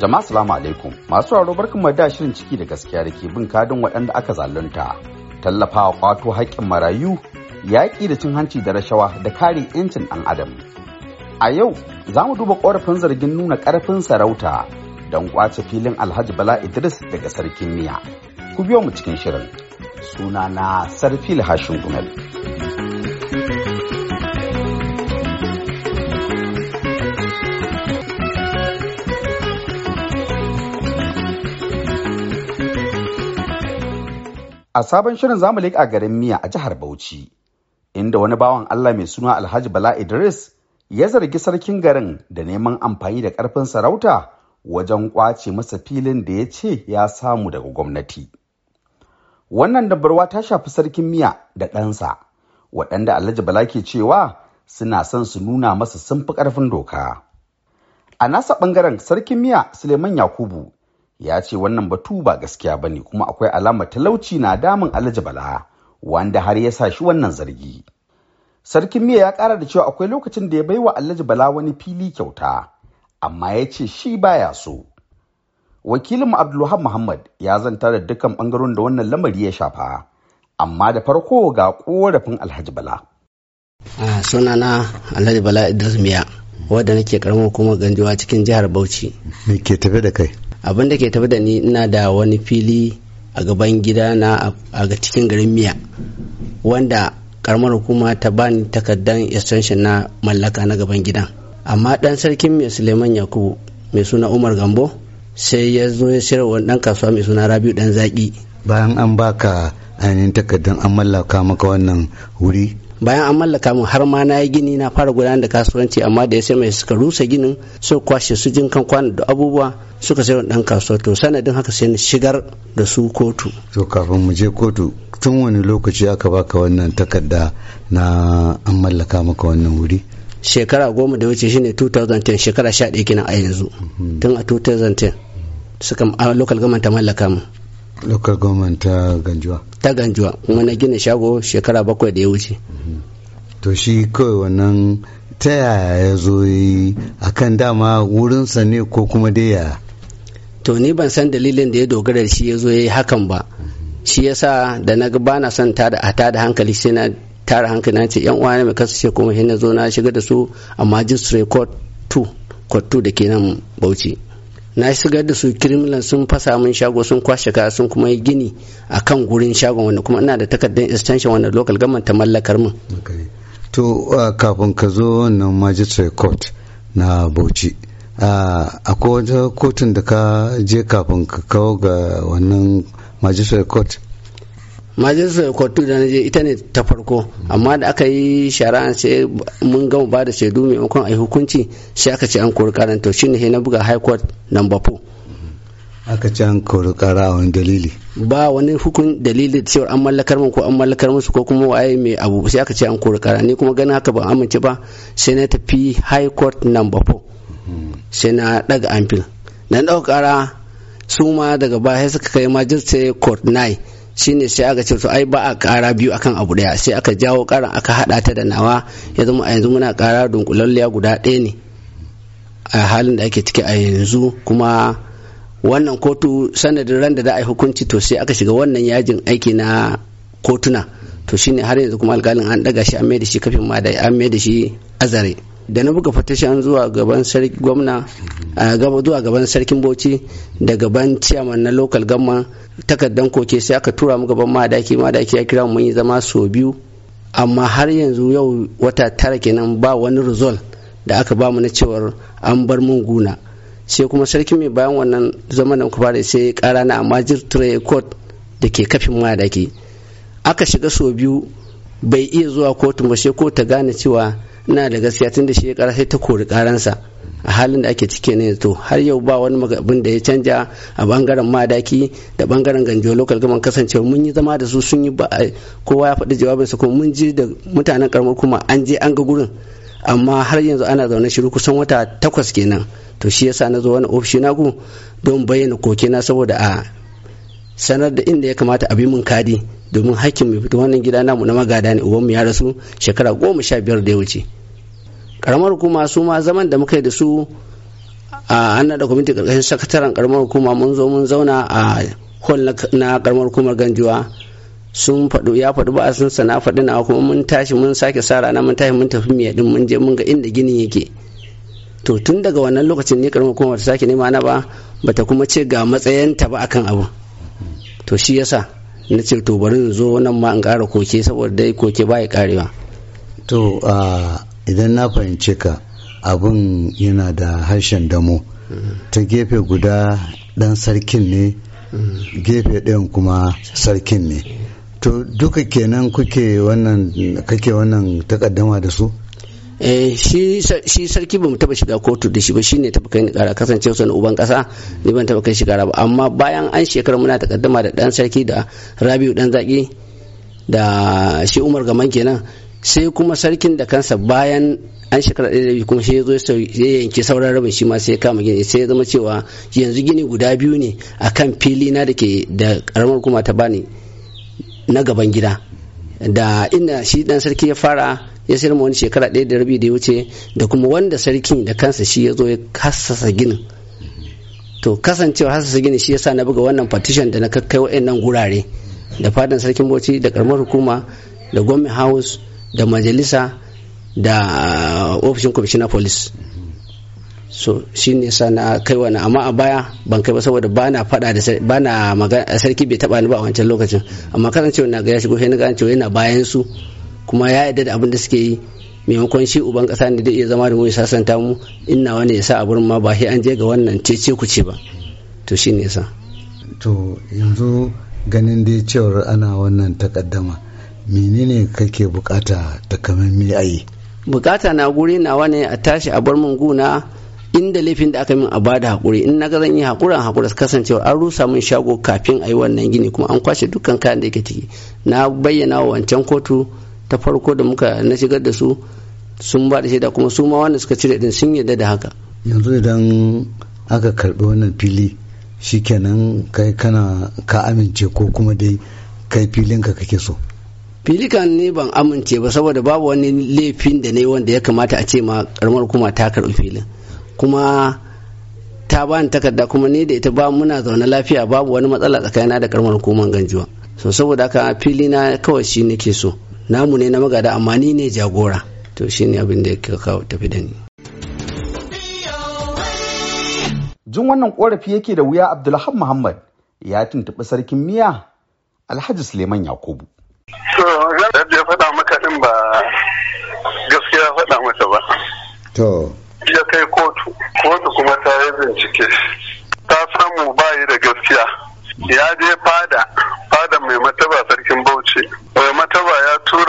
Jama'a salamu alaikum masu raro barkan da shirin ciki da gaskiya da ke bin kadin waɗanda aka zalunta tallafawa kwato haƙƙin marayu yaƙi da cin hanci da rashawa da kare 'yancin ɗan adam. A yau za mu duba ƙorafin zargin nuna ƙarfin sarauta don ƙwace filin Alhaji Bala Idris daga Sarkin Miya. Ku biyo mu cikin shirin. Sunana Sarfil Hashin Gumel. A sabon shirin zamu leƙa garin Miya a jihar Bauchi, inda wani bawan Allah mai suna Alhaji Bala Idris ya zargi sarkin garin da neman amfani da ƙarfin sarauta wajen ƙwace masa filin da ya ce ya samu daga gwamnati. Wannan dabarwa ta shafi sarkin Miya da ɗansa, waɗanda Alhaji Bala ke cewa suna son su nuna masa sun fi ƙarfin doka. A nasa ɓangaren sarkin Miya Suleiman Yakubu ya ce wannan batu ba gaskiya ba ne kuma akwai alamar talauci na damun alhaji bala wanda har ya sa shi wannan zargi sarkin miya ya kara da cewa akwai lokacin da ya bai wa alhaji bala wani fili kyauta amma ya ce shi baya so wakilinmu abdulwahab muhammad ya zanta da dukkan bangaron da wannan lamari ya shafa amma da farko ga korafin alhaji bala sunana alhaji bala idris miya wadda nake karamar hukumar ganjuwa cikin jihar bauchi me ke tafe da kai abin da ke tafi da ni ina da wani fili a gaban gida na a ga cikin garin miya wanda karamar hukuma ta bani takardar extension na mallaka na gaban gidan amma dan sarkin mai suleiman yakubu mai suna umar gambo sai ya zo ya sayar wani dan kasuwa mai suna rabiu dan zaki bayan an baka ainihin takardar an mallaka maka wannan wuri bayan an mallaka mu har ma na yi gini na fara gudanar da kasuwanci amma da ya sai mai suka rusa ginin su kwashe su jin kan kwana da abubuwa suka sai dan kasuwa to sanadin haka sai na shigar da su kotu to kafin mu je kotu tun wani lokaci aka baka wannan takarda na an mallaka maka wannan wuri shekara goma da wuce shine 2010 shekara 11 kenan a yanzu mhm. tun a 2010 suka local government ta mallaka mu local government ta ganjuwa ta ganjuwa kuma na gina shago shekara bakwai da ya wuce to shi kawai wannan ta yaya ya zo yi akan dama wurinsa ne ko kuma dai ya to ni ban san dalilin da ya dogara shi ya zo yi hakan ba shi ya sa da na ga bana son tada a da hankali sai na tara hankali na ce yan uwa mai kasance kuma shi na zo na shiga da su a magistrate court 2 court da ke nan bauchi na shigar da su kremlin sun fasa min shago sun kwashe kaya sun kuma yi gini a kan gurin shagon wanda kuma ina da takardar extension wanda local government ta mallakar min to uh, kafin ka zo wannan magistrate court na bauchi uh, akwai wata kotun da ka je kafin ka kawo ga wannan magistrate court majalisar kotu da je ita ne ta farko amma da aka yi shari'a sai mun gama ba da shaidu maimakon a yi hukunci sai aka ce an kori karan to shine na buga high court number 4 aka ce an kori kara wani dalili ba wani hukun dalili cewar an mallakar min ko an mallakar musu ko kuma waye mai abu sai aka ce an kori kara ni kuma ganin haka ban amince ba sai na tafi high court number 4 sai na daga amfil na dauka kara su ma daga baya suka kai majalisar court 9 shine sai aka ce to ai ba a kara biyu akan abu daya sai aka jawo karan aka hada ta da nawa ya zama a yanzu muna kara dunkulalliya guda ɗaya ne a halin da ake ciki a yanzu kuma wannan kotu sanadin ran da za a yi hukunci to sai aka shiga wannan yajin aiki na kotuna to shine har yanzu kuma alkalin an daga shi an mai da shi kafin ma da an mai da shi azare da na buga fatashin zuwa gaban sarki gwamna a gaba zuwa gaban sarkin bauchi da gaban ciyaman na local gamma takardan koke sai aka tura mu gaban madaki madaki ya kira mu yi zama sau biyu amma har yanzu yau wata tara kenan ba wani rizol da aka ba mu na cewar an bar mun guna sai kuma sarki mai bayan wannan zama da muka fara ya kara na magistrate court da ke kafin madaki aka shiga sau biyu bai iya zuwa kotun ba sai ko ta gane cewa ina da gaskiya tun da shi ya kara sai ta kori karansa a halin da ake cike ne to har yau ba wani abin da ya canja a bangaren madaki da bangaren ganjo local gaman kasancewa mun yi zama da su sun yi kowa ya faɗi jawabin jawabinsa kuma mun ji da mutanen karamar kuma an je an ga gurin amma har yanzu ana zaune shiru kusan wata takwas kenan to shi yasa na zo wani ofishi na don bayyana na saboda a sanar da inda ya kamata a bi mun kadi domin hakkin mai fito wannan gida namu na magada ne mu ya rasu shekara goma sha biyar da ya wuce karamar hukuma su ma zaman da muka yi da su a an da kwamitin karkashin sakataren karamar hukuma mun zo mun zauna a hall na karamar hukumar ganjuwa sun faɗo ya faɗi ba sun sana faɗi na kuma mun tashi mun sake sa rana mun tashi mun tafi miya din mun je mun ga inda ginin yake to tun daga wannan lokacin ne karamar hukuma ta sake nema na ba bata kuma ce ga matsayinta ba akan abu to shi yasa na ce to bari in zo nan ma in kara koke saboda dai koke ba ya ƙarewa to idan na fahimce ka abun yana da harshen damo ta gefe guda dan sarkin ne gefe ɗayan kuma sarkin ne to duka kenan kake wannan takaddama da su Eh, shi sarki ba mu taba shiga kotu da shi ba shine taba kai ni kara kasancewa sanin uban kasa ni ban taba kai shi kara ba amma bayan an shekara muna takaddama da dan sarki da Rabiu dan zaki da shi Umar Gaman kenan sai kuma sarkin da kansa bayan an shekara ɗaya da biyu kuma sai ya zo ya yanke sauran rabin shi ma sai ya kama gini sai ya zama cewa yanzu gini guda biyu ne a kan fili na da ke da karamar kuma ta bani na gaban gida da inda shi dan sarki ya fara ya sayar ma wani shekara ɗaya da rabi da ya wuce da kuma wanda sarkin da kansa shi ya zo ya hassasa ginin to kasancewar hassasa ginin shi yasa na buga wannan partition da na kakkai wa'annan gurare da fadan sarkin bauchi da karamar hukuma da gwamnati house da majalisa da uh, ofishin commissioner police so shi ne na kai wani amma a baya ban kai ba saboda ba na fada da ba na sarki bai taba ni ba a wancan lokacin amma kasancewa na gaya shi shigo sai na gane cewa yana bayan su kuma ya yarda da abin da suke yi maimakon shi uban kasa ne da iya zama da mu ya sasanta mu inna wani ya sa a ma ba sai an je ga wannan cece ku ce ba to shi ne sa to yanzu ganin dai cewar ana wannan takaddama menene kake bukata ta kamar me ayi bukata na guri nawa ne a tashi a bar mun guna inda laifin da aka min a bada hakuri in naga zan yi hakuran hakura kasancewa an rusa min shago kafin a yi wannan gini kuma an kwashe dukkan kayan da yake ciki na bayyana wa wancan kotu ta farko da muka na shigar da su sun ba da shaida kuma su ma wanda suka cire din sun yarda da haka yanzu idan aka karbi wannan fili shikenan kai kana ka amince ko kuma dai kai filinka kake so filikan ne ban amince ba saboda babu wani laifin da ne wanda ya kamata a ce ma karamar kuma ta karbi filin kuma ta bani takarda kuma ni da ita ba muna zaune lafiya babu wani matsala tsakanina da karamar hukumar ganjuwa so saboda haka fili na kawai shi nake so namu ne na magada amma ni ne jagora to shine abin da ya kawo tafi da ni jin wannan korafi yake da wuya abdulham muhammad ya tuntuɓi sarkin miya alhaji suleiman yakubu to da ya faɗa maka din ba gaskiya faɗa mata ba to ya kai kotu kotu kuma ta yi bincike ta samu bayi da gaskiya ya je fada fada mai mataba sarkin bauchi mai mataba ya tu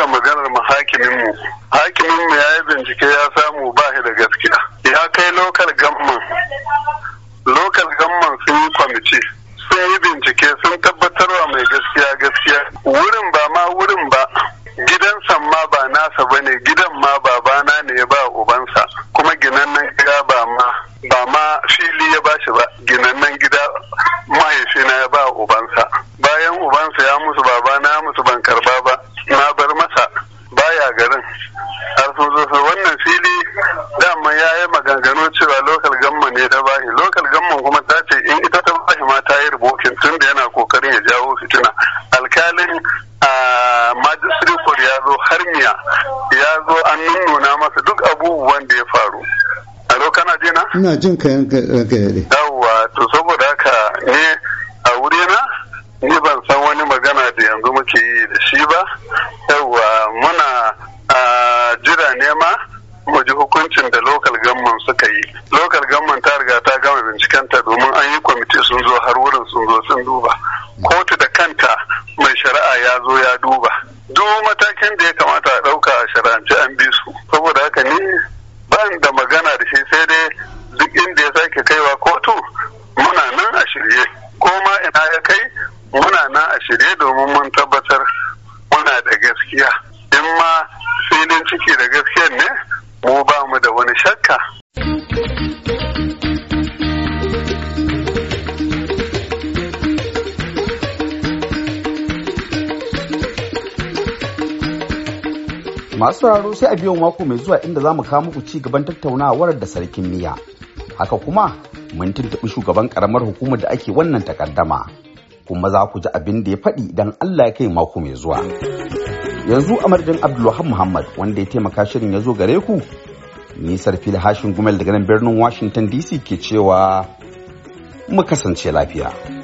ba ma fili ya bashi ba ginannan gida mahaifina ya ba ubansa bayan ubansa ya musu baba na musu ban karba ba na bar masa baya garin har wannan fili dama ya yi maganganu cewa lokal gamma ne ta bashi lokal gamma kuma ta ce in ita ta bahi ma ta yi rubokin tun da yana kokarin ya jawo fitina alkalin magistrate ya zo har miya ya zo an nuna masa duk abubuwan da ya faru kana je na? Ina jin ka yanka ranka Yawwa to saboda haka ni eh, a wuri na ni ban san wani magana da yanzu muke yi da shi ba. Yawwa muna jira nema ma mu ji hukuncin da lokal gamman suka yi. Lokal gamman ta riga ta gama bincikenta domin an yi kwamiti sun zo har wurin sun zo sun duba. Kotu da kanta mai shari'a ya zo ya duba. Duk matakin da ya kamata a ɗauka a shari'ance an bi su. Saboda haka ni ban da magana da masu sauraro sai a biyan mako mai zuwa inda za mu kawo muku ci gaban tattaunawar da sarkin miya haka kuma mun tuntuɓi shugaban karamar hukumar da ake wannan takaddama kuma za ku ji abin da ya faɗi idan Allah ya kai mako mai zuwa yanzu a madadin Abdulwahab Muhammad wanda ya taimaka shirin ya zo gare ku ni sarfil hashin gumel daga nan birnin Washington DC ke cewa mu kasance lafiya.